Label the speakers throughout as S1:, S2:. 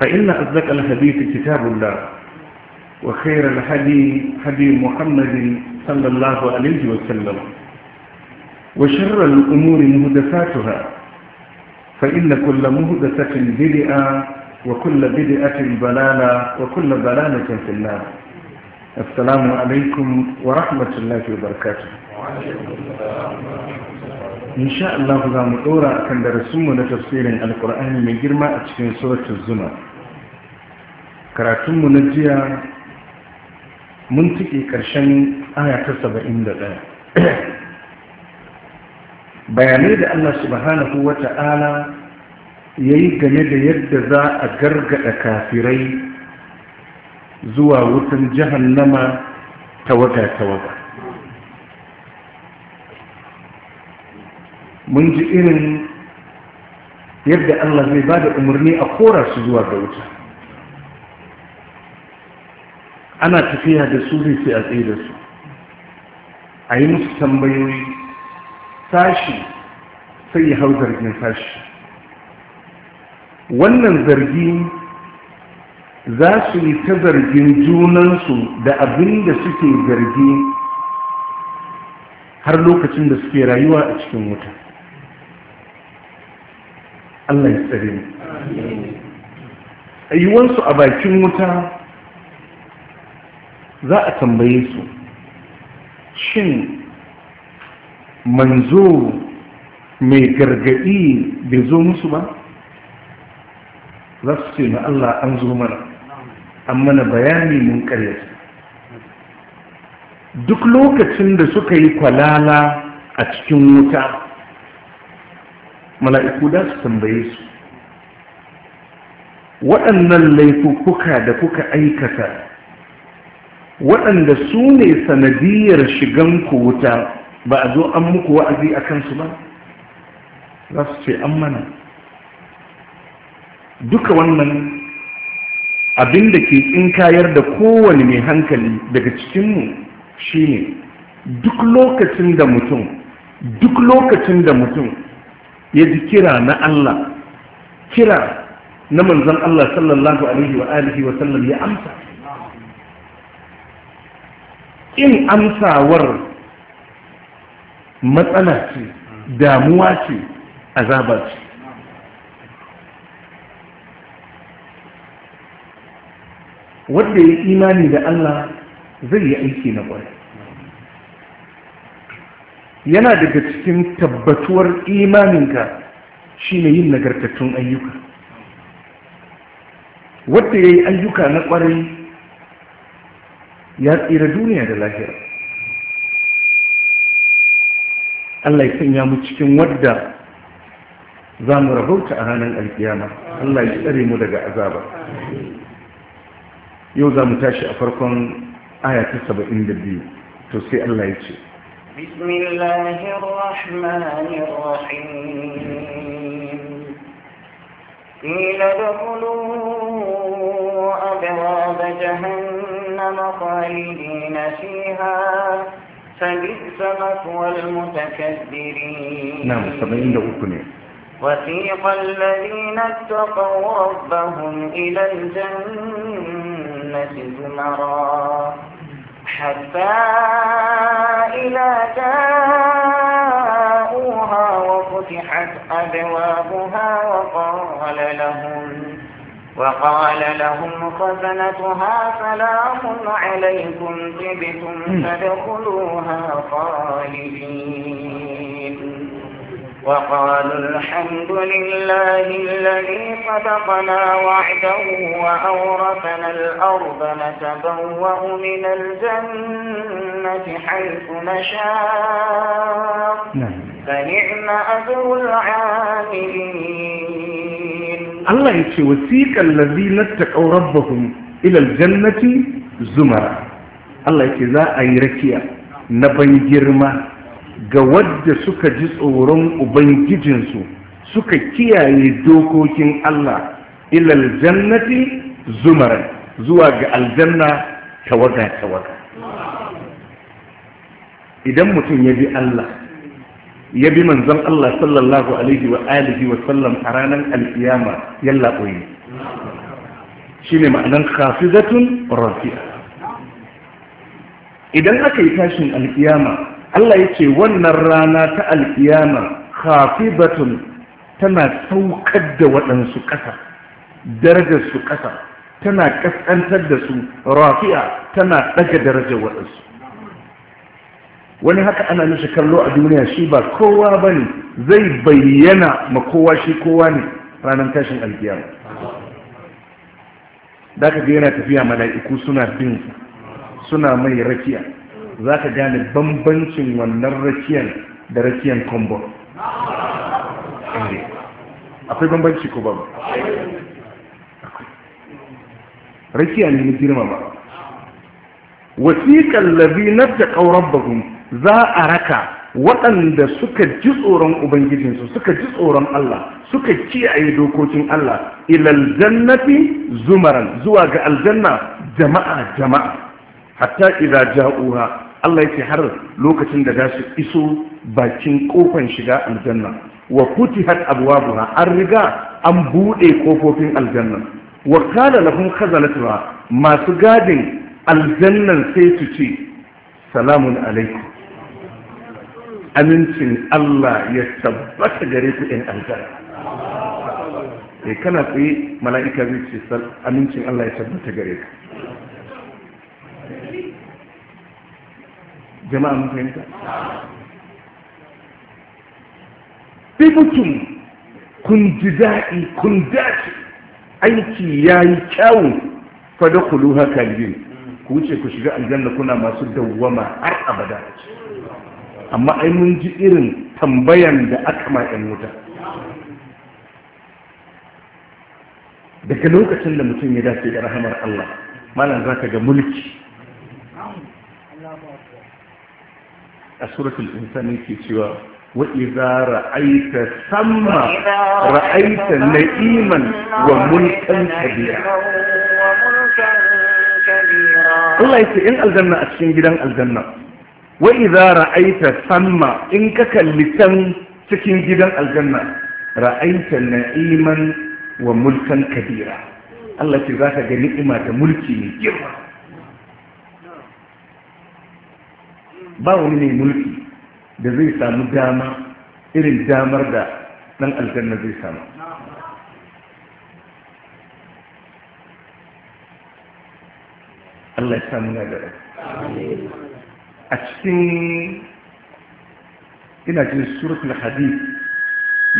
S1: فإن أصدق الحديث كتاب الله وخير الحديث حديث محمد صلى الله عليه وسلم وشر الأمور مهدفاتها فإن كل مهدفة بدئة وكل بدئة بلالة وكل بلالة في الله السلام عليكم ورحمة الله وبركاته
S2: وعليكم السلام ورحمة الله
S1: insha Allah za mu dora kan darasinmu na tafsirin alkur'ani mai girma a cikin suratul zuma karatunmu na jiya mun tike ƙarshen aya ta 71 bayanai da Allah subhanahu ya yayi game da yadda za a gargada kafirai zuwa wutan jahannama tawaga tawaga mun ji irin yadda Allah zai ba da umarni a kora su zuwa ga wuta ana tafiya da su zai a tsaye da su a yi musu tambayoyi sashi sai ya hau zargin sashi wannan zargi za su yi ta zargin junansu da abin da suke zargi har lokacin da suke rayuwa a cikin wuta Allah ya tsare mu ayyuwansu a bakin wuta za a tambaye su shin manzo mai gargadi bai zo musu ba za su ce na Allah an zo mana an mana bayani mun karyata duk lokacin da suka yi kwalala a cikin wuta mala'iku da su tambaye su waɗannan laifukuka da kuka aikata waɗanda su ne sanadiyar shigan ku wuta ba a zo an muku wa'azi a kansu ba za su ce an mana duka wannan abin da ke tsinkayar da kowane mai hankali daga cikinmu shine duk lokacin da mutum duk lokacin da mutum ya ji kira na Allah kira na manzan Allah sallallahu alaihi wa alihi wa sallam ya amsa in amsawar matsala ce damuwa ce azaba ce wanda ya imani da Allah zai yi aiki na kwarai yana daga cikin tabbatuwar imaninka shi ne yin nagartattun ayyuka wadda ya yi ayyuka na kwarai ya tsira duniya da lahira Allah ya sanya mu cikin wadda za mu rabauta a ranar alkiyama Allah ya tsare mu daga azaba yau za mu tashi a farkon aya ta 72 to sai Allah ya ce
S3: بسم الله الرحمن الرحيم قيل ادخلوا أبواب جهنم خالدين فيها فبئس مثوى المتكبرين نعم سبعين دقيقتين وثيق الذين اتقوا ربهم إلى الجنة زمرا حتى إذا جاءوها وفتحت أبوابها وقال لهم وقال لهم خزنتها سلام عليكم تبتم فادخلوها خالدين وقالوا الحمد لله الذي صدقنا وعده وأورثنا الأرض نتبوأ من الجنة حيث نشاء نعم. فنعم أجر العاملين الله
S1: يتشي وسيك الذين اتقوا ربهم إلى الجنة زمرا الله يتشي ذا أي نبن جرمه ga wadda suka ji tsoron ubangijinsu suka kiyaye dokokin Allah ilal jannati zumara zuwa ga aljanna tawaga tawaga idan mutum ya bi Allah ya bi manzon Allah sallallahu alaihi wa alihi wa sallam a ranar alkiyama yalla koyi shine ma'anan khafizatun rafi'a idan aka yi tashin alkiyama Allah ya ce wannan rana ta alkiyama batun tana saukar da waɗansu ƙasa darajar su ƙasa tana ƙasƙantar da su rafi'a tana ɗaga darajar waɗansu wani haka ana mishi kallo a duniya shi ba kowa ba ne zai bayyana ma kowa shi kowa ne ranar tashin alkiyama da ka ga yana tafiya mala'iku suna binsa suna mai rakiya za ka gane bambancin wannan rakiyar da rakiyar combo akwai bambanci ko babu rakiya ne na girma ba wasiƙan labi na da ƙaurar za a raka waɗanda suka ji tsoron ubangijinsu suka ji tsoron Allah suka kiyaye dokokin Allah ilal jannati zumaran zuwa ga aljanna jama'a jama'a hatta idza ja'uha Allah yake har lokacin da za su iso bakin kofan shiga aljanna wa futihat abwabuha an riga an bude kofofin aljanna wa kana lahum khazalatuha masu gadin aljannan sai su ce salamun alaikum amincin Allah ya tabbata gare ku in aljanna eh kana tsaye mala'ika zai ce amincin Allah ya tabbata gare ka jama'a mun fahimta sai mutum kun ji daɗi kun dace aiki ya yi kyawun fada kulu haka ku wuce ku shiga aljanna kuna masu dawwama har abada amma ai mun ji irin tambayan da aka ma yan wuta daga lokacin da mutum ya dace da rahamar Allah malam za ka ga mulki a suratul insan yake cewa wa idza ra'aita samma ra'aita na'iman wa mulkan kabira Allah yake in aljanna a cikin gidan aljanna wa idza ra'aita samma in ka kalli can cikin gidan aljanna ra'aita na'iman wa mulkan kabira Allah ke za ka ga ni'ima da mulki mai girma ba wani mai mulki da zai samu dama irin damar da ɗan aljanna zai samu Allah ya samu na
S2: gada a
S1: cikin ina jin suratul hadith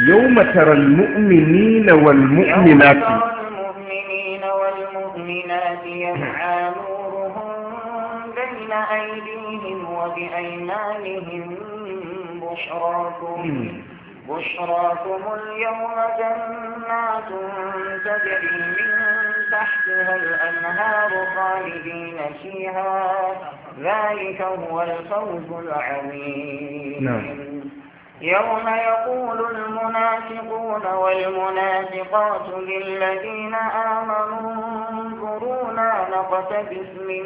S1: يوم ترى المؤمنين والمؤمنات
S3: المؤمنين والمؤمنات يسعى نورهم بين أيديهم أيمانهم بشراكم بشراكم اليوم جنات تجري من تحتها الأنهار خالدين فيها ذلك هو الفوز العظيم نعم يوم يقول المنافقون والمنافقات للذين آمنوا انظرونا نقتبس من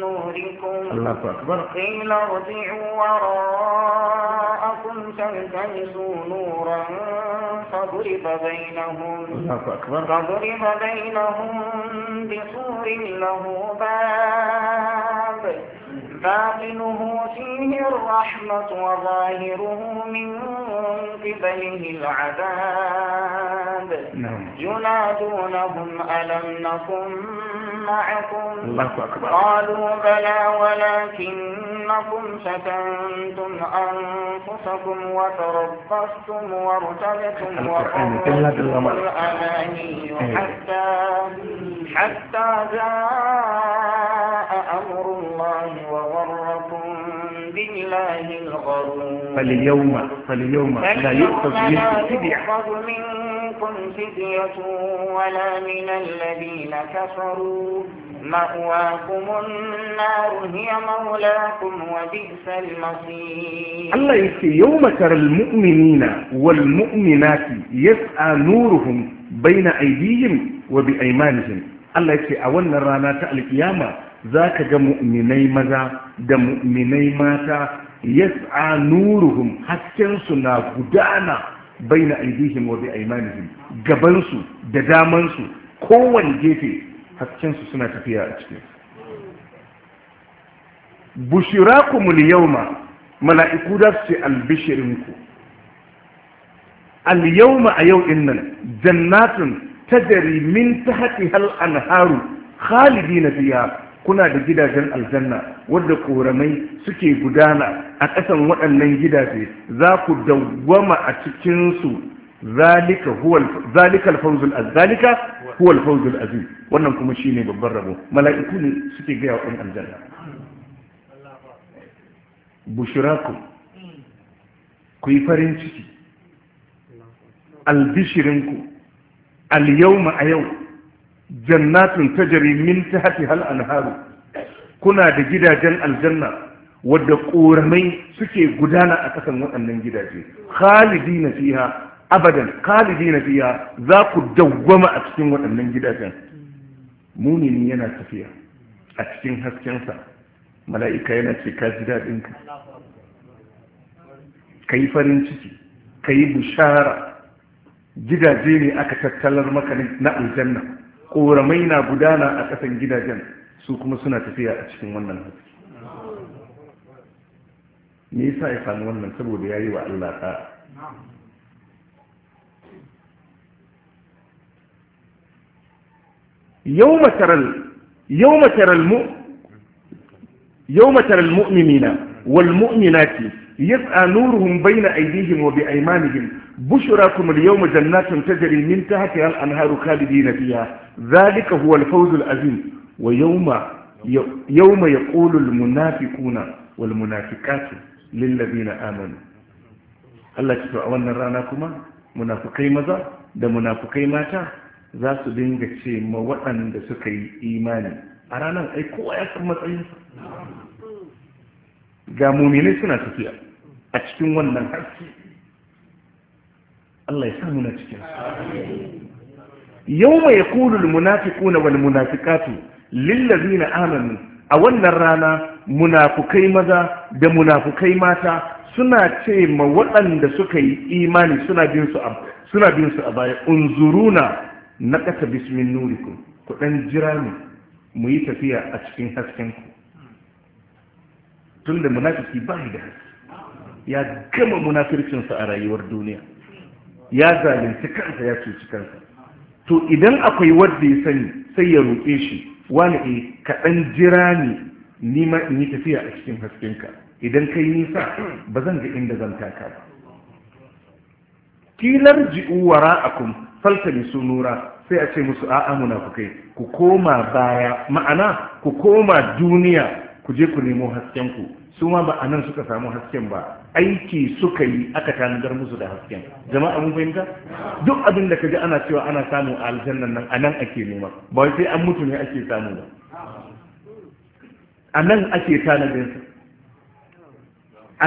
S3: نوركم الله أكبر قيل ارجعوا وراءكم فالتمسوا نورا فضرب بينهم الله أكبر فضرب بينهم بسور له باب باطنه فيه الرحمة وظاهره من قبله العذاب نعم. ينادونهم ألم نكن معكم قالوا بلى ولكنكم فتنتم أنفسكم وتربصتم وارتبتم وقررتم الأماني إيه. حتى, حتى جاء الله الغرور فاليوم فاليوم لا يؤخذ منكم فدية ولا من الذين كفروا مأواكم النار هي مولاكم وبئس المصير الله
S1: يسي يوم ترى المؤمنين والمؤمنات يسعى نورهم بين أيديهم وبأيمانهم الله يسي أولا رانا تألك ياما ذاك جمؤمني ماذا ga ماذا yas'a nuruhum hasken su na gudana baina aidihim wa bi gaban su da daman su kowane gefe hasken su suna tafiya a cikin bushirakumul yawma mala'iku da su albishirinku al yawma a yau innan ta tajri min tahtiha al anharu khalidina fiha kuna da gidajen aljanna wadda koramai suke gudana a ƙasan waɗannan gidaje za ku dawwama a cikinsu zalika alfawzul azalika huwa alfawzul azim wannan kuma shi ne babban rabo mala'iku ne suke gaya wa aljanna bushiraku ku yi farin ciki albishirinku al ma a yau jannatin tajri min tahti hal anharu kuna da gidajen aljanna wadda ƙoramai suke gudana a kasan waɗannan gidaje khalidina fiha abadan khalidina fiha za ku dawwama a cikin waɗannan gidajen mumini yana tafiya a cikin haskensa mala'ika yana ce ka ji ka yi farin ciki ka yi bishara gidaje ne aka tattalar maka na aljanna ƙoramai na gudana a ƙasan gidajen su kuma suna tafiya a cikin wannan haske me yasa ya samu wannan saboda ya yi wa Allah ta yau mataral mu'minina wal mu'minati yasa nuruhum bayna aydihim a bi aymanihim bushrakum al-yawma jannatun tajri min tahti al-anharu khalidin fiha dhalika huwa al-fawz al-azim wa yawma yawma yaqulu al-munafiquna wal munafiqatu lil ladina amanu Allah ya tsawa wannan rana kuma munafukai maza da munafikai mata za su dinga ce ma waɗanda suka yi imani a ranar ai kowa ya san matsayinsa ga muminai suna tafiya a cikin wannan haƙƙi Allah ya samu na cikin yau mai kulul wani wal lillazi na amanu a wannan rana munafukai maza da munafukai mata suna ce ma waɗanda suka yi imani suna bin su a baya unzuruna na ƙasa bismin nurikum ku ɗan jira ne mu yi tafiya a cikin hasken ku tun da munafiki ba da haske ya gama munafircinsa a rayuwar duniya ya zalunci kansa ya cuci kansa to idan akwai wanda ya sani sai ya roƙe shi wani e eh, kaɗan jira ni nima in yi tafiya a cikin haskenka idan kai nisa ba zan ga inda zan taka ba kilar ji'u ra'akum faltami su nura sai a ce musu a'a munafukai ku koma baya ma'ana ku koma duniya ku je ku nemo hasken ku su ma ba anan suka samu hasken ba aiki suka yi aka tanadar musu da hasken jama'a mun fahimta duk abin da kaji ana cewa ana samu a aljannan nan anan ake nema ba sai an mutu ne ake samu ba anan ake tanadin sa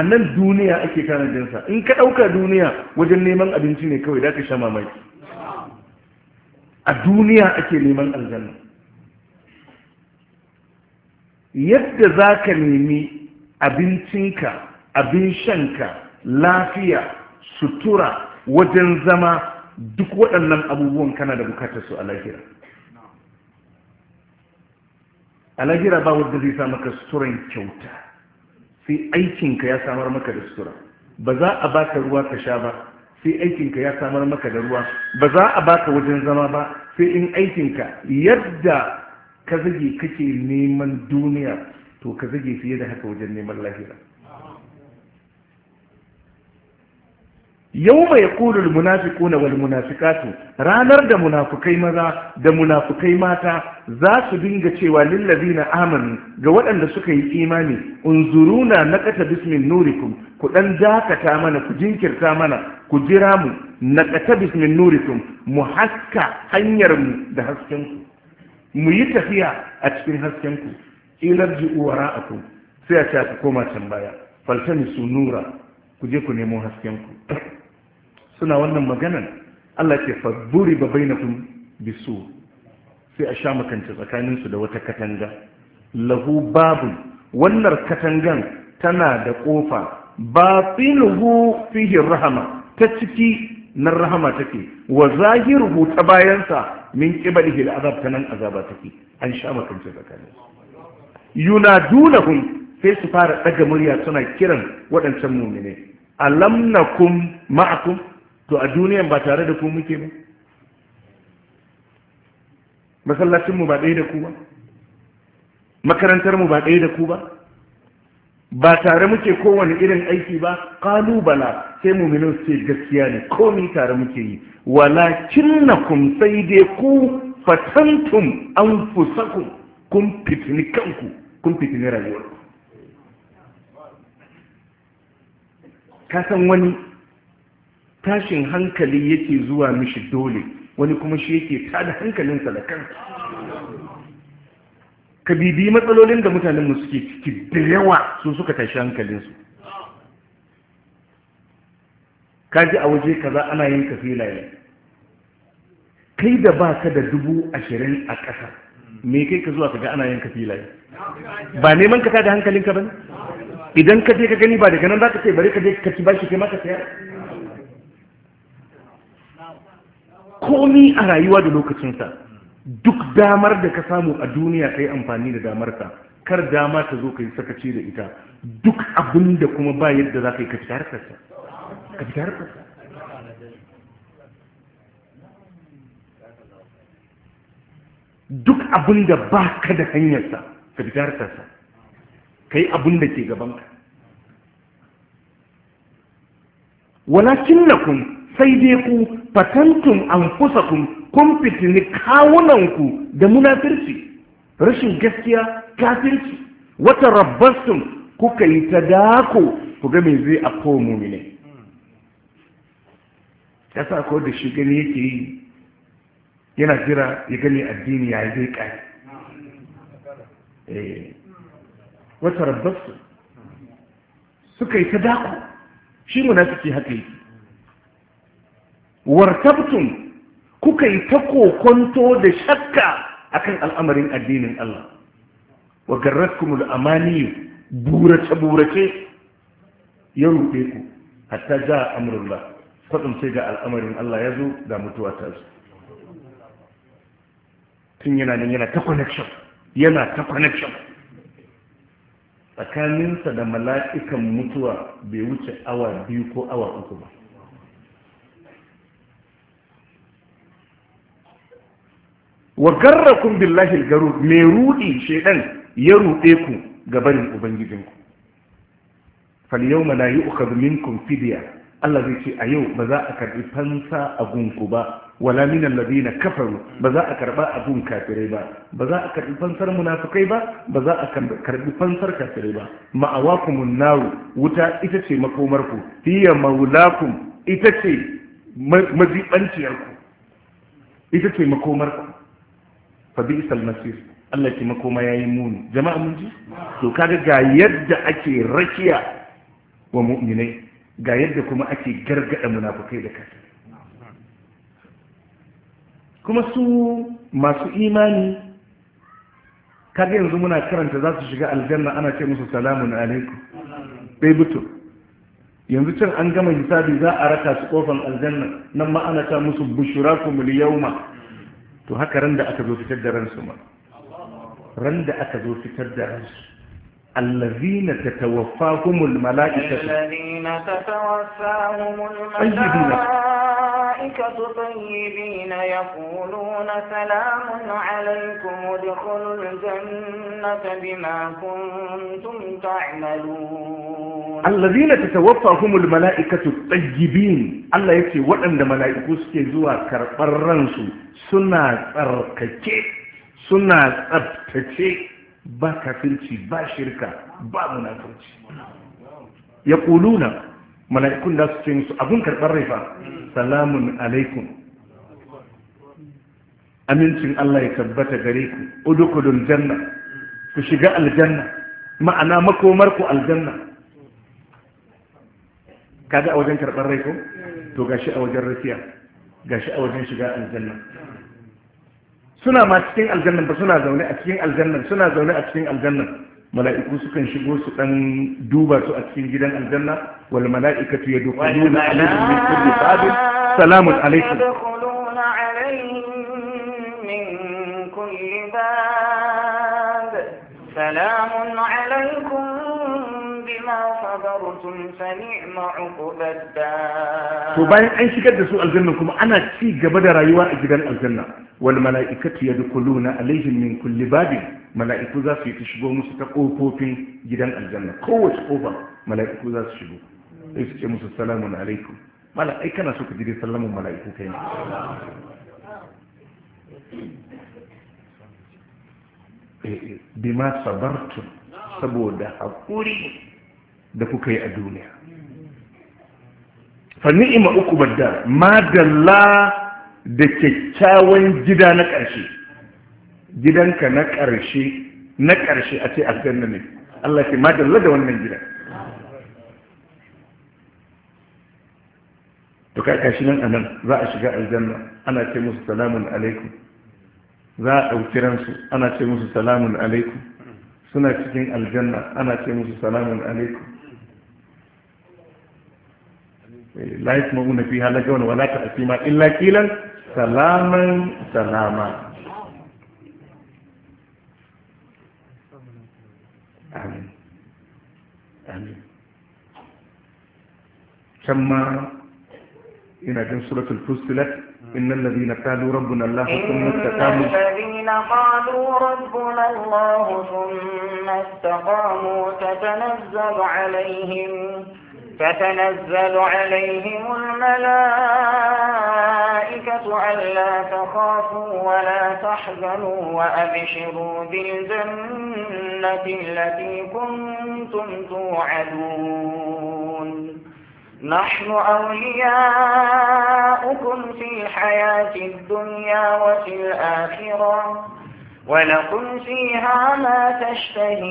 S1: a nan duniya ake sa in ka ɗauka duniya wajen neman abinci ne kawai da ka sha mamaki a duniya ake neman aljanna yadda za ka nemi abincinka abin shanka lafiya sutura wajen zama duk waɗannan abubuwan kana da bukatar su a lahira a lahira ba wadda zai sa maka suturan kyauta sai aikinka ya samar maka da sutura ba za a baka ruwa ka sha ba sai aikinka ya samar maka da ruwa ba za a baka wajen zama ba sai in aikinka yadda ka zage kake neman duniya to ka zage fiye da haka wajen neman lahira yau mai kodar munafiku na wal munafikatu ranar da munafukai maza da munafukai mata za su dinga cewa lillazi na amanu ga waɗanda suka yi imani unzuruna na kata bismin nurikum ku ɗan dakata mana ku jinkirta mana ku jira mu na kata bismin nurikum mu haska hanyar mu da hasken mu yi tafiya a cikin hasken ku uwara a kun sai a ce ku koma can baya faltani su nura ku je ku nemo haskenku suna wannan maganan Allah ke fa duriba bainakum bisu sai a sha makance tsakanin da wata katanga lahu babu wannan katangan tana da kofa batinuhu fihi rahama ta ciki nan rahama take wa zahiru ta bayansa min qibalihi al'azab tanan azaba take an sha makance tsakanin yunadunahum sai su fara daga murya suna kiran waɗancan mumine alam nakum ma'akum to a duniyan ba tare da ku muke ba masallacinmu ba ɗaya da ku ba makarantarmu ba ɗaya da ku ba ba tare muke kowane irin aiki ba kalubala sai muminin su gaskiya ne komi tare muke yi walakin na kun sai dai ku fatantum an fusaku kun fitini kanku kun fitini rayuwar ka wani tashin hankali yake zuwa mishi dole wani kuma shi yake tada hankalinsa da kansa ka bibi matsalolin da mutanen suke ciki da yawa su suka tashi hankalinsu ka ji a waje kaza ana yin ka filaye kai da ba ka da dubu ashirin a ƙasa me kai ka zuwa kaga ana yin ka filaye ba neman ka tada hankalinka ba ne idan ka je ka gani ba daga nan za ka ce bari ka je ka ci shi kai maka sayar komi a rayuwa da lokacinsa duk damar da ka samu a duniya ka yi amfani da damar ka kar dama ta zo ka yi sakaci da ita duk abin da kuma ba yadda za ka yi ka fita harkarsa ka duk abin da ba ka da hanyarsa ka fita harkarsa ka yi abin da ke gabanka walakin na kun sai dai ku fatantun an kusa kun kun fitini kawunanku da munafirci rashin gaskiya kafirci wata rabbastum kuka yi ta dako ku ga mai zai afko mumine ya sa ko da shi gani yake yi yana jira ya gani addini ya zai kai eh, wata rabbastum suka yi ta dako shi munafirci haka yi. wartabtun kuka yi ta kokonto da shakka a kan al'amarin addinin Allah wa garratkumul amaniyu burace burace ya rufe ku hatta za a amrullah faɗin sai ga al'amarin Allah ya zo da mutuwa ta zo tun yana nan yana ta connection yana ta connection tsakaninsa da mala'ikan mutuwa bai wuce awa biyu ko awa uku ba wa garrakum billahi garu mai rudi shedan ya rude ku ga barin ubangijinku fal yawma la yu'khadhu minkum fidya Allah zai ce a yau ba za a karbi fansa a gunku ba wala min alladhina kafaru ba za a karba a gun kafirai ba ba za a karbi fansar munafikai ba ba za a karbi fansar kafirai ba ma'awakumun naru wuta ita ce makomarku hiya maulakum ita ce majibanciyarku ita ce makomarku fa bi isal masir Allah ki makoma yayi muni jama'a mun ji to kaga ga yadda ake rakiya wa mu'minai ga yadda kuma ake gargada munafikai da kasa kuma su masu imani kaga yanzu muna karanta za su shiga aljanna ana ce musu salamun alaikum bai buto yanzu can an gama hisabi za a raka su kofan aljanna nan ma ana ta musu bushurakum al to haka ran da aka zo fitar da ransu ma ran da aka zo fitar da ransu الذين تتوفاهم الملائكة
S3: الذين تتوفاهم الملائكة الملائكة طيبين يقولون سلام عليكم ادخلوا الجنة بما كنتم تعملون
S1: الذين تتوفاهم الملائكة الطيبين الله يكي وأن الملائكة سكيزوا كربرانسو سنة أركتي سنة أبتتي با كافرتي با شركة با منافرتي يقولون mala'ikun da su ce musu abun karɓar rai fa salamun alaikum amincin Allah ya tabbata gare ku udkhulul janna ku shiga aljanna ma'ana makomar ku aljanna kaga a wajen karɓar rai ko to gashi a wajen rafiya gashi a wajen shiga aljanna suna ma cikin aljannan ba suna zaune a cikin aljannan suna zaune a cikin aljannan mala'iku sukan shigo su dan duba su a cikin gidan aljanna wal mala'ikatu yadkhuluna alaihim min kulli babin
S3: salamun alaikum سلام to bayan an
S1: shigar da su aljanna kuma ana ci gaba da rayuwa a gidan aljanna Wani mala'ikatu yadkhuluna alayhi min kulli bab mala'iku za su shigo musu ta kofofin gidan aljanna kowa shi kofa mala'iku za su shigo sai ce musu assalamu alaikum mala'ika na so ka dire sallamu mala'iku kai
S2: na
S1: bi ma saboda hakuri da kuka yi a duniya fa ma uku badda madalla da kyakkyawan gida na ƙarshe gidanka na ƙarshe na ƙarshe a ce aljanna ne Allah ce madalla da wannan gida to ka kashi nan anan za a shiga aljanna ana ce musu salamun alaikum za a ɗauki ransu ana ce musu salamun alaikum suna cikin aljanna ana ce musu salamun alaikum لا يسمعون فيها لجون ولا تأثيما إلا كيلا سلاما سلاما آمين آمين كما إن جن سورة الفصلت إن الذين قالوا ربنا الله ثم استقاموا إن
S3: الذين قالوا ربنا الله ثم استقاموا تتنزل عليهم فتنزل عليهم الملائكة ألا تخافوا ولا تحزنوا وأبشروا بالجنة التي كنتم توعدون نحن أولياؤكم في الحياة الدنيا وفي الآخرة ولكم فيها ما تشتهي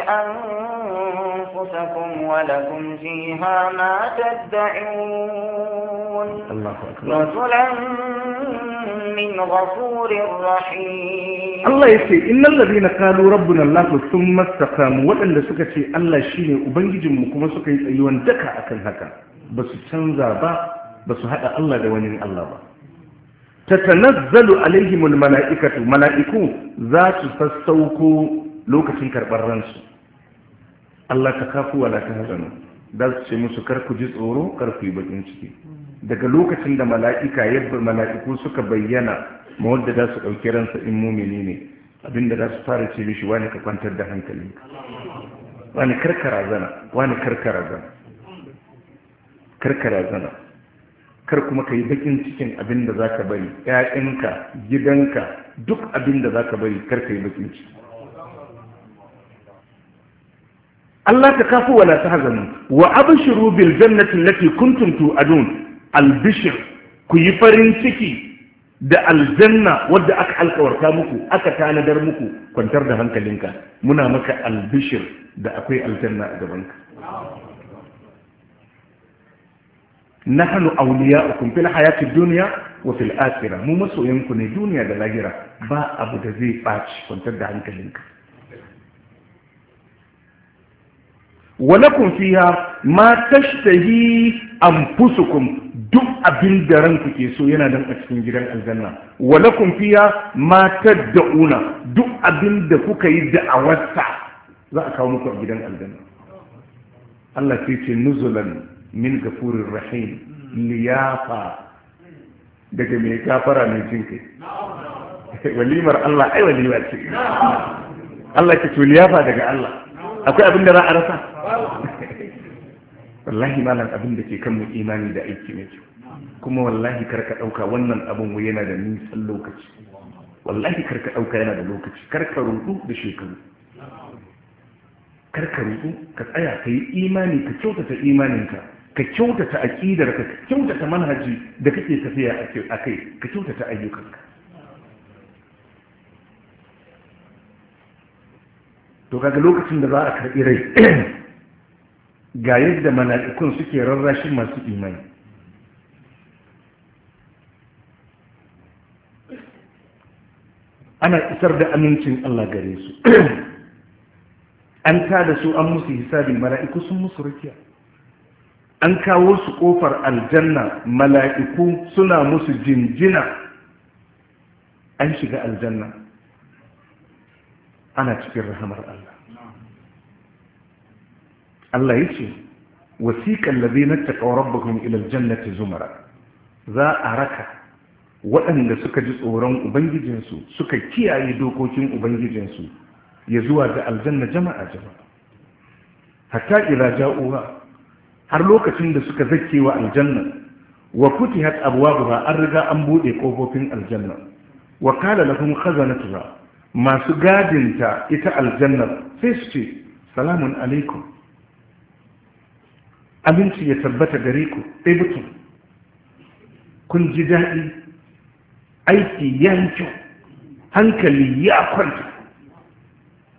S3: أنفسكم ولكم فيها ما تدعون رسلا من غفور رحيم الله يسي إن
S1: الذين قالوا ربنا الله ثم استقاموا وأن سكتي الله شيني أبنجي مكما سكتي أيوان دكا أكل هكا بس تنزى با بس هذا الله دواني الله با tatanazzalu alaihimul mala'ikatu mala'iku za su sassauko lokacin karɓar ransu Allah ka kafu wala ka hazanu da su ce musu kar ku ji tsoro kar ku yi bakin ciki daga lokacin da mala'ika yadda mala'iku suka bayyana ma wanda za su ɗauki ransa in mumini ne abinda za su fara ce mishi wani ka kwantar da hankali. wani karkara zana wani karkara zana karkara zana kar kuma ka yi baƙin cikin abin da za ka bari ‘ya'yanka gidanka duk abin da za ka bari kar ka yi bakin ciki Allah ta kafu wala ta hazanu wa abshiru bil jannati allati kuntum tu'adun albishir ku yi farin ciki da aljanna wadda aka alkawarta muku aka tanadar muku kwantar da hankalinka muna maka albishir da akwai aljanna a gabanka nahnu awliya'ukum fil hayati duniya wa fil akhirah mu masoyan ku ne duniya da lahira ba abu da zai baci kwantar da hankalinka walakun fiha ma tashtahi anfusukum duk abin da ranku ke so yana dan a cikin gidan aljanna walakun fiha ma tad'una duk abin da kuka yi da'awarsa za a kawo muku a gidan aljanna Allah sai ce nuzulan min gafurin rahim liyafa daga mai gafara mai jin kai walimar Allah ai walima ce Allah ke to liyafa daga Allah akwai abin da za a rasa wallahi malam abin da ke kan mu imani da aiki mai kyau kuma wallahi karka ɗauka wannan abin wai yana da nisan lokaci wallahi karka ɗauka yana da lokaci karka rudu da shekaru karka rudu ka tsaya ka yi imani ka kyautata imaninka ka kyautata aƙidar ka kyautata manhaji da kake tafiya a kai ka kyautata ayyukanka to kaga lokacin da za a karɓi rai ga yadda mala'ikun suke rarrashin masu imani ana isar da amincin Allah gare su an tada su an musu hisabi mala'iku sun musu rukiya an kawo su kofar aljanna mala'iku suna musu jinjina an shiga aljanna ana cikin rahamar Allah Allah ya ce wasiƙan labinar ta ƙaurar bakon ilal jannati zumara za a raka waɗanda suka ji tsoron ubangijinsu suka kiyaye dokokin ubangijinsu ya zuwa ga aljanna jama'a jama'a hatta ila ja'uwa har lokacin da suka zake wa aljanna wa futihat ba an riga an bude kofofin aljanna wa qala lahum khazanatuha masu gadinta ita aljanna sai su ce salamun alaikum aminci ya tabbata gare ku mutum kun ji daɗi aiki ya yi kyau hankali ya kwanta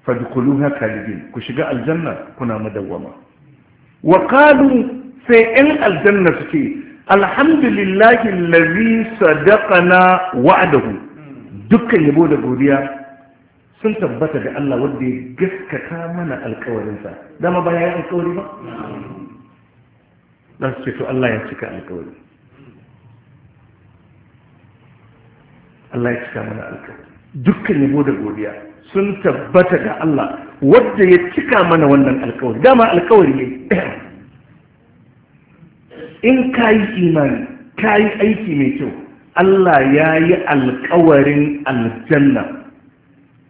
S1: fadukuluha kalibin ku shiga aljanna kuna madawwama wa qalu sai yan aljanna suke alhamdulillahi allazi sadaqana wa'adahu dukkan yabo da godiya sun tabbata ga Allah wanda ya gaskata mana alkawarinsa dama ba ya yi alkawari ba za su ce to Allah ya cika alkawari Allah ya cika mana alkawari dukkan yabo da godiya sun tabbata ga Allah wadda ya cika mana wannan alkawari dama alkawari ne in ka yi imani ka yi aiki mai kyau Allah ya yi alkawarin aljanna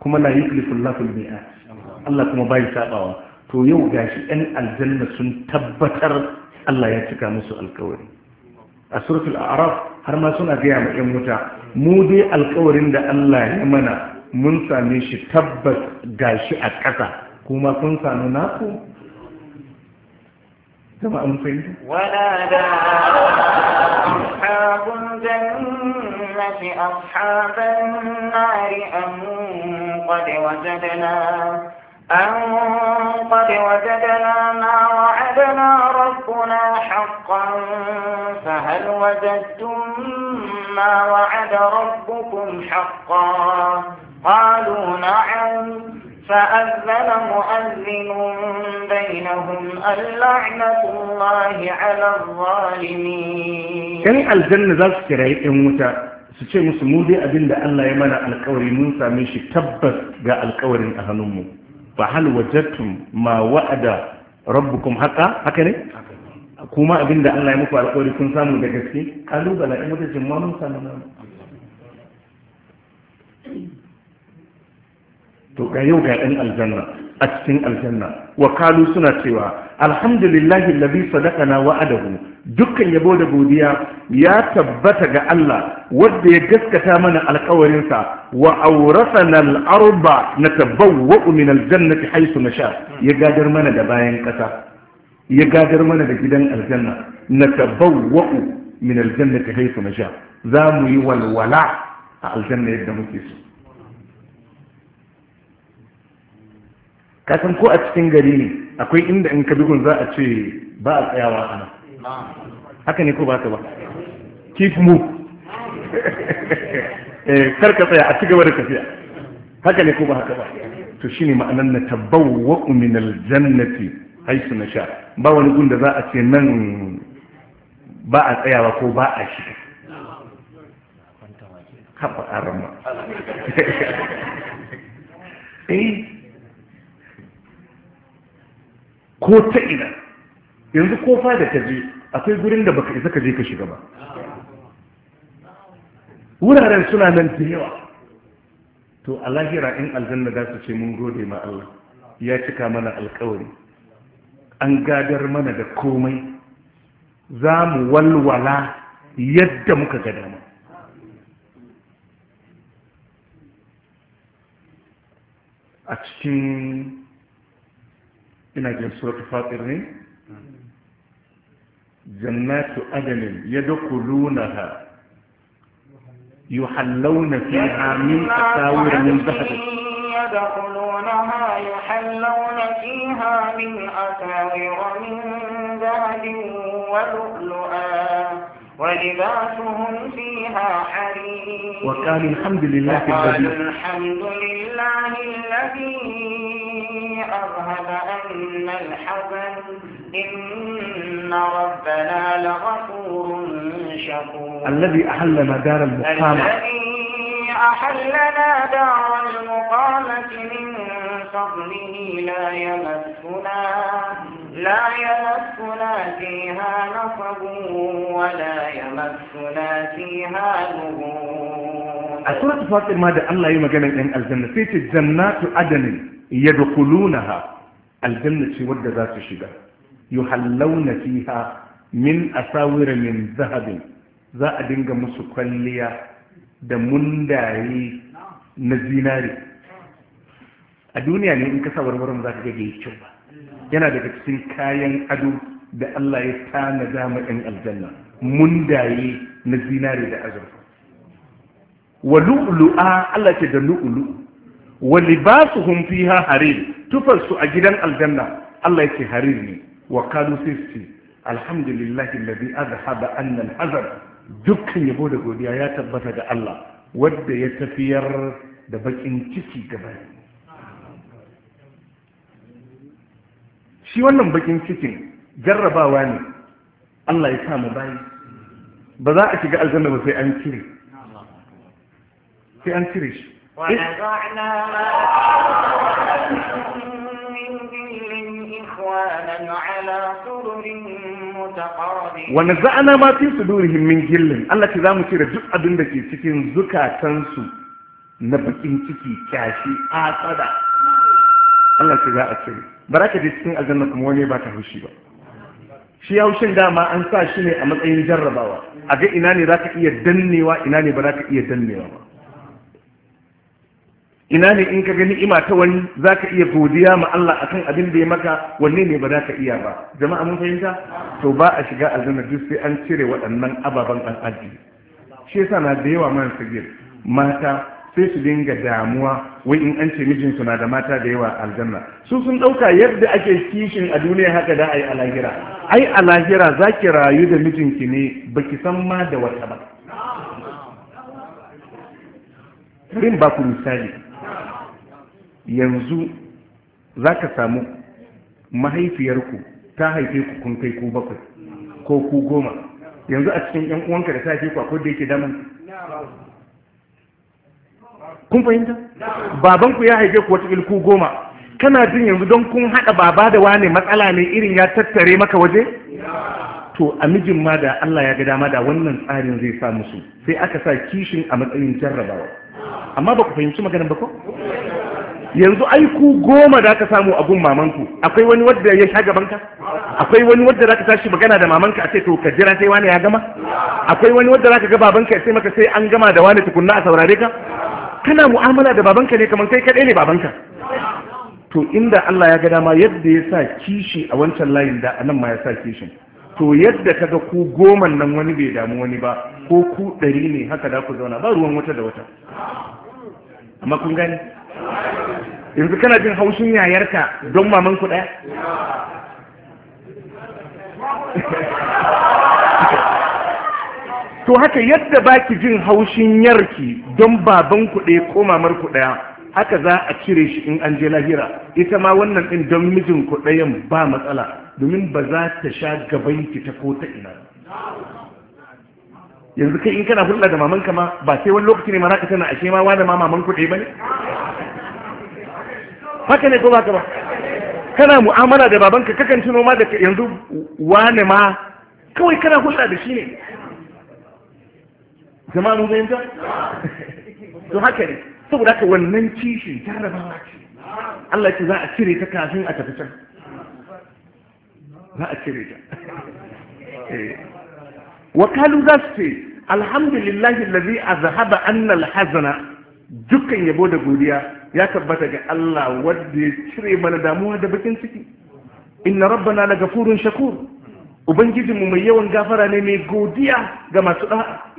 S1: kuma na yi filifin lafin mai'a Allah kuma bayi sabawa to yau gashi 'yan aljanna sun tabbatar Allah ya cika musu alkawari a suratul araf har ma suna gaya wa 'yan wuta mu dai alkawarin da Allah ya mana mun same shi tabbas gashi a ƙasa kuma kun sami naku kuma an fahimta
S3: wala da ashabun jannati ashaban nari am qad wajadna am qad wajadna ma wa'adna rabbuna haqqan fa hal wajadtum ما وعد ربكم حقا قالوا نعم فأذن مؤذن بينهم اللعنة الله على الظالمين كان
S1: الجنة ذات كريئة موتى su ce musu mu dai abin da Allah ya mana alkawari mun same shi tabbas ga alkawarin a hannunmu Ba hal wajadtum ma wa'ada rabbukum haka haka ne kuma abin da Allah ya muku alkawari kun samu da gaske kalubala in mutum mun samu to ga yau ga ɗan aljanna a cikin aljanna wa kalu suna cewa alhamdulillahi labi sadakana wa'adahu dukkan yabo da godiya ya tabbata ga Allah wadda ya gaskata mana alkawarinsa wa auratana al-arba natabawwa'u min ta haisu na sha, ya gadar mana da bayan ƙasa, ya gadar mana da gidan aljanna natabawwa'u min ta haisu na sha, za mu yi walwala a aljanna yadda muke so ka san ko a cikin gari ne akwai inda in ka bugun za a ce ba a tsayawa a nan, haka ne ko ba ka ba keep move eh, kar ka tsaya a cigaba da tafiya haka ne ko ba haka ba to shine ma'anar na tabawwa min aljannati haisu na sha ba wani gun da za a ce nan ba a tsayawa ko ba a shiga kafa arama
S2: eh
S1: ko ta ina yanzu ko fada ta je akwai gurin da baka isa ka je ka shiga ba wuraren suna nan da yawa to a lahira in aljanna za su ce mun gode ma Allah ya cika mana alkawari an gadar mana da komai za mu walwala yadda muka ga dama a cikin ina jin suratul fatir ne jannatu adanin yadkhulunaha yuhallawna fiha min asawir min dhahabin
S3: يدخلونها يحلون فيها من أساور من ذهب ولؤلؤا ولباسهم فيها حرير وكان الحمد لله الذي الحمد لله الذي أذهب أن الحزن إن ربنا لغفور شكور الذي أحلنا دار المقامة الذي أحلنا دار المقامة من فضله لا يمسنا لا يمسنا فيها نصب ولا يمسنا فيها لغوب a
S1: suratu fatima da Allah ya magana ɗan aljanna sai ce jannatu adanin yadkhulunaha aljanna ce wadda za su shiga yuhallawna fiha min asawira min zahabin za a dinga musu kwalliya da mundaye na zinari a duniya ne in ka sa warwaron za ka ga bai kyau ba yana daga cikin kayan ado da Allah ya tanada ma ɗan aljanna mundaye na zinare da azurfa wa lu'lu'a Allah ce da lu'lu'u wa libasuhum fiha harir tufar su a gidan aljanna Allah yake harir ne wa qalu sisti alhamdulillahi alladhi azhaba anna al-hazan dukkan yabo da godiya ya tabbata ga Allah wanda ya tafiyar da bakin ciki gaba shi wannan bakin cikin jarrabawa ne Allah ya sa mu bayi ba za a shiga aljanna ba sai an cire sai an cire shi wani za'ana ma fi su duri himmin gillin Allah ce za mu cire duk abin da ke cikin zukatansu na bakin ciki kyashi a tsada Allah ce za a cire ba za ka cikin aljanna kuma wani ba ta haushi ba shi haushin dama an sa shi ne a matsayin jarrabawa a ga ina ne za ka iya dannewa ina ne ba za ka iya dannewa ba ina ne in ka gani ima ta wani za ka iya godiya ma Allah akan abin da ya maka wanne ne ba za ka iya ba jama'a mun fahimta to ba a shiga aljanna duk sai an cire waɗannan ababen al'adu shi yasa na da yawa man sigir mata sai su dinga damuwa wai in an ce mijinsu na da mata da yawa aljanna su sun ɗauka yadda ake kishin a duniya haka da a yi alahira ai alahira za ki rayu da mijinki ne ba ki san ma da wata ba rin ba ku misali yanzu za ka samu mahaifiyarku ta haife ku kun kai ku bakwai ko ku goma yanzu a cikin yan uwanka da ta haife ku akwai da yake kun fahimta babanku ya haife ku wata ilku goma kana jin yanzu don kun haɗa baba da wane matsala ne irin ya tattare maka waje to a mijin ma da Allah ya ga dama da wannan tsarin zai sa musu sai aka sa kishin a matsayin jarrabawa amma ba ku fahimci maganar ba ko yanzu ai ku goma da ka samu abun mamanku akwai wani wadda ya sha gabanka akwai wani wadda za ka tashi magana da mamanka a ce to ka jira sai wani ya gama akwai wani wadda za ka ga babanka ya sai maka sai an gama da wani tukunna a saurare ka kana mu'amala da babanka ne kamar kai kaɗai ne babanka to inda Allah ya ga dama yadda ya sa kishi a wancan layin da anan ma ya sa kishin to yadda kaga ku goma nan wani bai damu wani ba ko ku ɗari ne haka da ku zauna ba ruwan wata da wata amma kun gani yanzu kana jin haushin yayarka don maman ku ɗaya to haka yadda baki jin haushin yarki don baban ku ɗaya ko mamar ku ɗaya haka za a cire shi in an je lahira ita ma wannan ɗin don mijin ku ɗayan ba matsala domin ba za ta sha gaban ki ta ko ta ina yanzu kai in kana hulɗa da maman ka ma ba sai wani lokaci ne ma ka tana ashe ma wani ma maman ku ɗaya ne?
S2: haka ne ko ba ka ba kana
S1: mu'amala da babanka kakan tuno ma da yanzu Wani ma kawai kana hulɗa da shi ne zama mun fahimta
S2: to haka ne saboda haka
S1: wannan kishin jarrabawa ce Allah ce za a cire ta kafin a tafi can za a cire ta eh. wakalu za su ce alhamdulillahi lazi a zahaba annal hazana dukkan yabo da godiya ya tabbata ga Allah wadda ya cire mana damuwa da bakin ciki inna rabbana la gafurun shakur ubangijinmu mai yawan gafara ne mai godiya ga masu da'a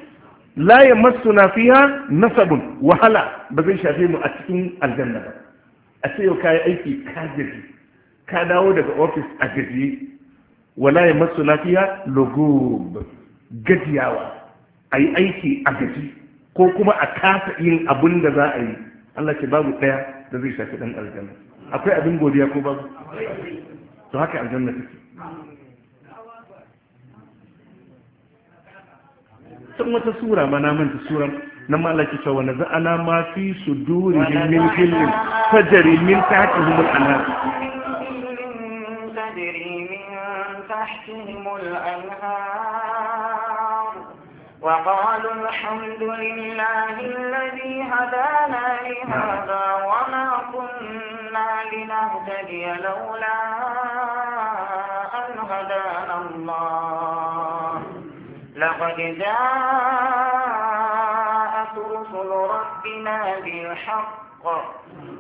S1: la ya masu na fiya nasabun wahala ba zai shafe mu a cikin aljanna ba a ce yau kayi aiki ka gaji ka dawo daga ofis a gaji wala ya masu na fiya gajiyawa a yi aiki a gaji ko kuma a kasa yin abin da za a yi Allah ce babu ɗaya da zai shafi ɗan aljanna akwai abin godiya ko babu to haka aljanna take ثم تسورة ما نامن تسورة نما الله تشوانا أنا ما في صدور من كل فجر من تحتهم
S3: الأنهار وقالوا الحمد لله الذي هدانا لهذا وما كنا لنهتدي لولا أن هدانا الله لقد جاءت رسل ربنا بالحق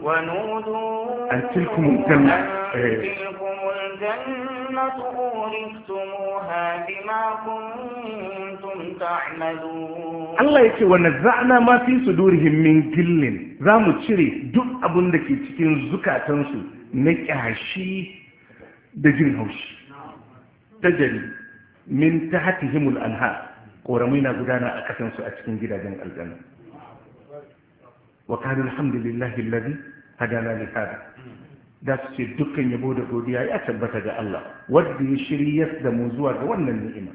S3: ونودوا
S2: أن تلكم الجنة أن
S3: تلكم الجنة أورثتموها بما كنتم تعملون
S1: الله يكي ونزعنا ما في صدورهم من جل زامو تشري دون أبن دكي تكين زكاة تنسو نكاشي دجن هوش تجري min hatihimul anha, ƙoramai na gudana a kasansu a cikin gidajen aljanna wa kana alhamdulillahi alladhi hadana li hada da su ce dukkan yabo da godiya ya tabbata ga Allah wanda ya shiryar da mu zuwa ga wannan ni'ima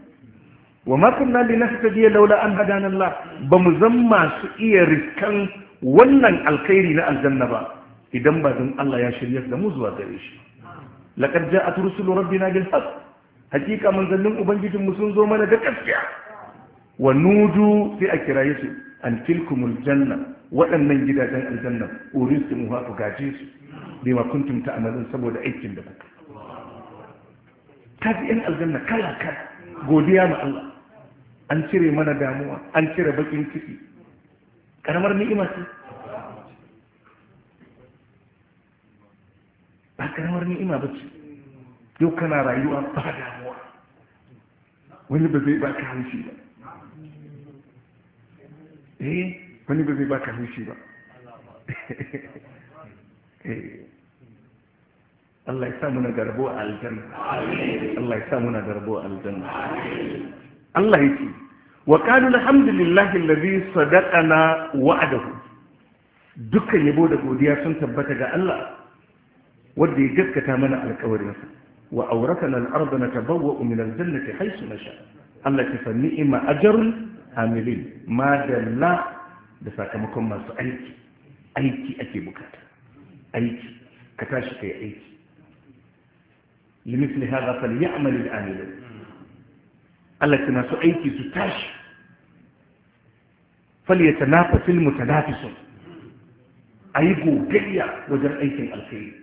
S1: wa ma kunna linahtadiya laula an hadana Allah ba mu zan masu iya riskan wannan alkhairi na aljanna ba idan ba don Allah ya shiryar da mu zuwa gare shi laqad ja'at rusulu rabbina bil haqq hakika manzannin ubangijinmu sun zo mana da gaskiya wa nudu sai a kiraye su an tilkumul janna waɗannan gidajen aljanna urin su muha ku gaje su bai ma kuntum ta amalin saboda aikin da kuka ta fi yan aljanna kala kala godiya ma Allah an cire mana damuwa an cire bakin ciki karamar ni'ima ce ba karamar ni'ima ba ce yau kana rayuwa ba
S2: damuwa wani ba zai baka haushi ba eh
S1: wani ba zai baka haushi ba eh. Allah ya sa muna garbo a aljanna Allah ya sa muna garbo a aljanna Allah ya yake wa qalu alhamdulillahi alladhi sadaqana wa'adahu dukkan yabo da godiya sun tabbata ga Allah wanda ya gaskata mana alƙawarinsa wa auratana al-ardh natabawwa'u min al-jannati haythu nasha Allah ki fa ni'ma ajrul amilin ma dalla da sakamakon masu aiki aiki ake bukata aiki ka tashi kai aiki Limit limithli hadha falyamal al-amilun Allah tana su aiki su tashi ya tana falyatanafasil mutanafisun ayi gogayya wajen aikin alkhairi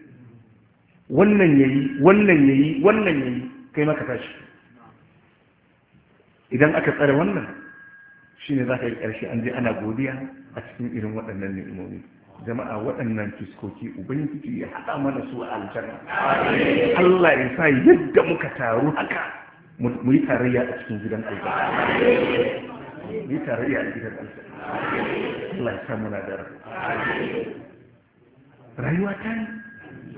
S1: wannan yayi wannan yayi wannan yayi kai maka tashi idan aka tsare wannan shine za ka yi ƙarshe an je ana godiya a cikin irin waɗannan ni'imomi jama'a waɗannan fiskoki ubangiji ya haɗa mana su a aljanna Allah ya sa yadda muka taru haka mu yi tarayya a cikin gidan aljanna mu yi tarayya a gidan aljanna Allah ya sa muna da rayuwa ta yi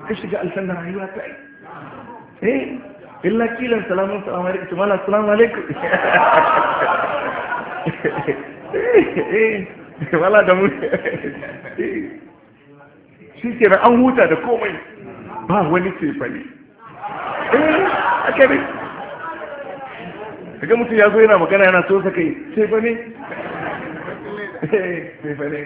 S1: ka shiga aljanna rayuwa ta yi eh illa kilan salamun salamu alaikum mala salamu alaikum eh, eh wala da mu eh, shi ke an huta da komai ba wani cefane eh aka ne
S2: daga mutum ya zo yana
S1: magana yana so sa kai cefane
S2: eh, cefane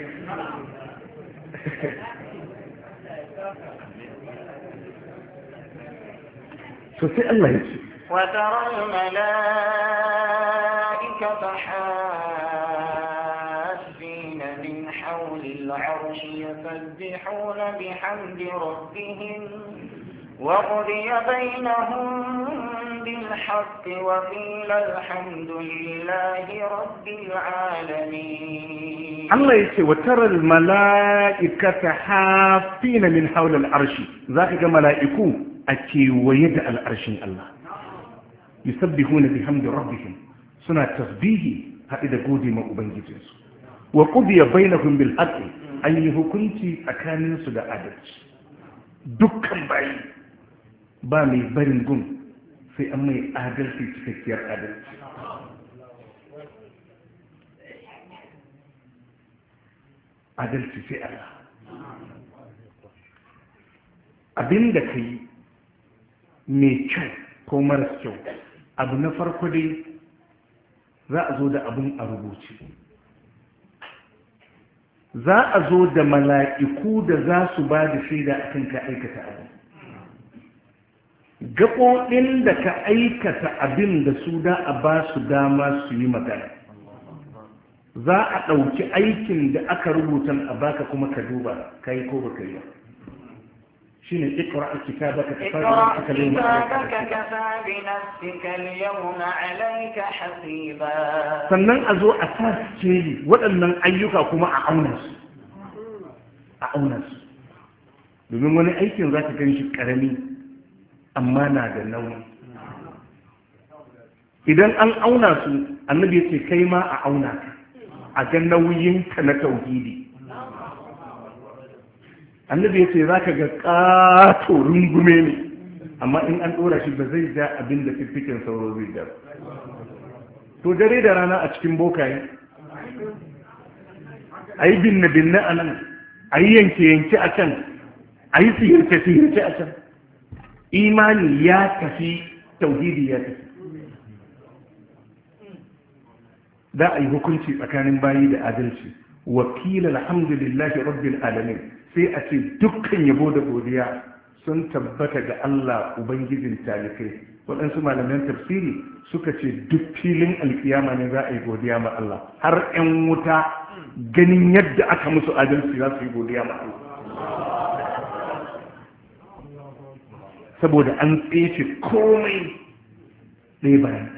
S3: شوفي الله يجي وترى الملائكة حافين من حول العرش يسبحون بحمد ربهم وقضي بينهم بالحق وقيل الحمد لله رب العالمين الله
S1: يسي وترى الملائكة حافين من حول العرش ذاك ملائكو أتي ويد العرش الله يسبحون بحمد ربهم سنة تسبيه هذا قودي ما أبنجزيز وقضي بينهم بالحق أن يهكنتي أكانين سدى أدت دكا باي ba mai barin gun sai an mai adalci cikakkiyar adalci adalci sai Allah abin da ka yi mai kyau ko maras kyau abu na farko dai za a zo da abin a rubuce za a zo da mala'iku da za su ba da shaida akan ka aikata abin. gaɓoɓin da ka aikata abin da su da a ba su dama su yi magana za a ɗauki aikin da aka rubuta a baka kuma ka duba ka yi ko baka yi shi ne ikra cika ba ka fara nafsika
S3: sannan a zo a
S1: ce waɗannan ayyuka kuma a auna su a auna su domin wani aikin za ka gan shi ƙarami amma na da nauyi idan an auna su annabi ya ce kai ma a auna ka a gan nauyin nauyinka na tauhidi annabi ya ce za ka ga ƙato rungume ne amma in an ɗora shi ba zai ja abin da fiffikin sauro zai ja to dare da rana a cikin bokaye a yi binne binne a nan a yi yanke yanke a can a yi siyarce-siyarce a can imani ya tafi tauhidi ya tafi da a yi hukunci tsakanin bayi da adalci wakil alhamdulillahi rabbil alamin sai a ce dukkan yabo da godiya sun tabbata ga Allah ubangijin talikai waɗansu malaman tafsiri suka ce duk filin alkiyama ne za a yi godiya ma Allah har 'yan wuta ganin yadda aka musu adalci za su yi godiya ma
S2: Allah
S1: saboda an tsefe komai ɗaya bayan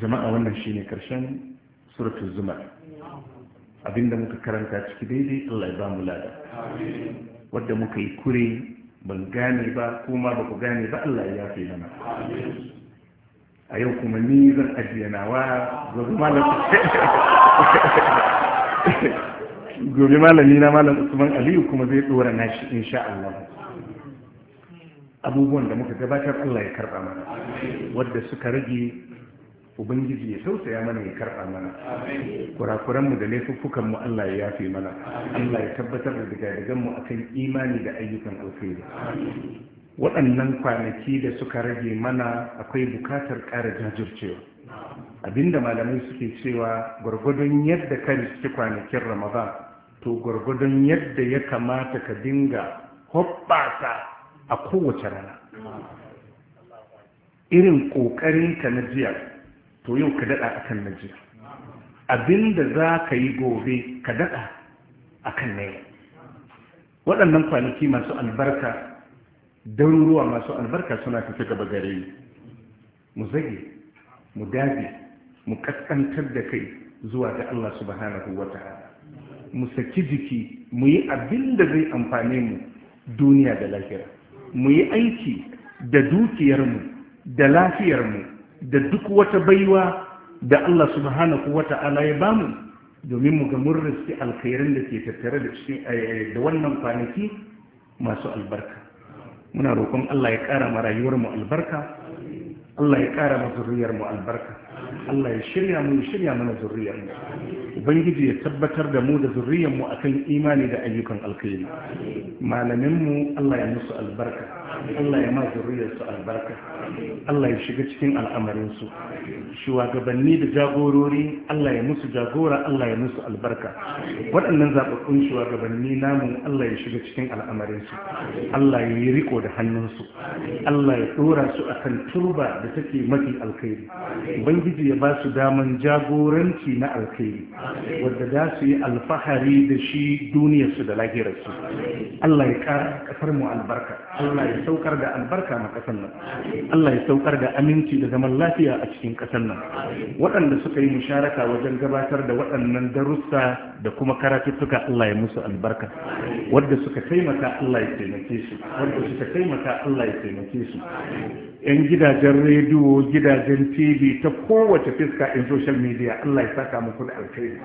S1: jama'a wannan shi ne karshen suratun zuma, abinda muka karanta ciki daidai Allah ya ba mu lada wadda muka yi kure ban gane ba kuma ba ku gane ba Allah ya fi mana a yau kuma ni zan ajiye nawa zuma na gobe malami na malam usman aliyu kuma zai dora nashi insha Allah abubuwan da muka gabatar Allah ya karba mana wadda suka rage ubangiji ya tausaya mana ya karba mana kurakuran mu da laifuffukan mu Allah ya yafe mana Allah ya tabbatar da digadigan mu akan imani da ayyukan alkhairi waɗannan kwanaki da suka rage mana akwai bukatar ƙara jajircewa abinda malamai suke cewa gwargwadon yadda ka suke kwanakin ramadan to gwargwadon yadda ya kamata ka dinga hoɓɓasa a kowace rana irin ka na jiya to yau ka daɗa a na jiya abinda za ka yi gobe ka daɗa akan kan na yau waɗannan kwanaki masu albarka daruruwa masu albarka suna tafi gaba gare mu zage mu dage mu kaskantar da kai zuwa ga Allah subhanahu wa mu saki jiki mu yi abin da zai amfane mu duniya da lahira mu yi aiki da dukiyarmu da lafiyarmu da duk wata baiwa da Allah subhanahu wa ta'ala ya bamu domin mu ga mun riski alkhairin da ke tattare da shi eh, da wannan kwanaki masu albarka muna roƙon Allah ya ƙara rayuwar mu albarka Allah ya ƙara zuriyar mu albarka Allah ya shirya mu shirya mana mu. ubangiji ya tabbatar da mu da zurriyanmu akan imani da ayyukan alkhairi malaminmu Allah ya musu albarka Allah ya ma
S2: zuriyarsu albarka
S1: Allah ya shiga cikin al'amarinsu shugabanni da jagorori Allah ya musu jagora Allah ya musu albarka waɗannan zaɓaɓɓun shugabanni namu Allah ya shiga cikin al'amarinsu Allah ya yi riko da hannunsu Allah ya ɗora su a kan turba da take mafi alkhairi ubangiji ya ba su daman jagoranci na alkhairi wadda za su yi alfahari da shi duniyarsu da lahirarsu Allah ya ƙara ƙasar mu albarka Allah ya saukar da albarka na ƙasar
S2: nan Allah ya
S1: saukar da aminci da zaman lafiya a cikin ƙasar nan waɗanda suka yi musharaka wajen gabatar da waɗannan darussa da kuma karatuttuka Allah ya musu albarka wadda suka taimaka Allah ya taimake su wadda suka taimaka Allah ya taimake su 'yan gidajen rediyo gidajen tv ta kowace fiska in social media Allah ya saka muku da alkhairi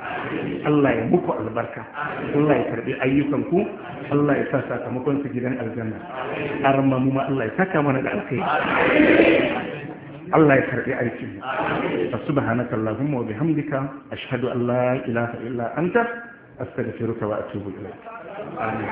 S1: Allah ya muku albarka Allah ya karbi ayyukanku Allah ya sa sakamakon su gidan aljanna armamu ma Allah ya saka mana da alkhairi Allah ya karbi aikin mu
S2: subhanaka allahumma wa bihamdika ashhadu an la ilaha illa anta astaghfiruka wa atubu Amin.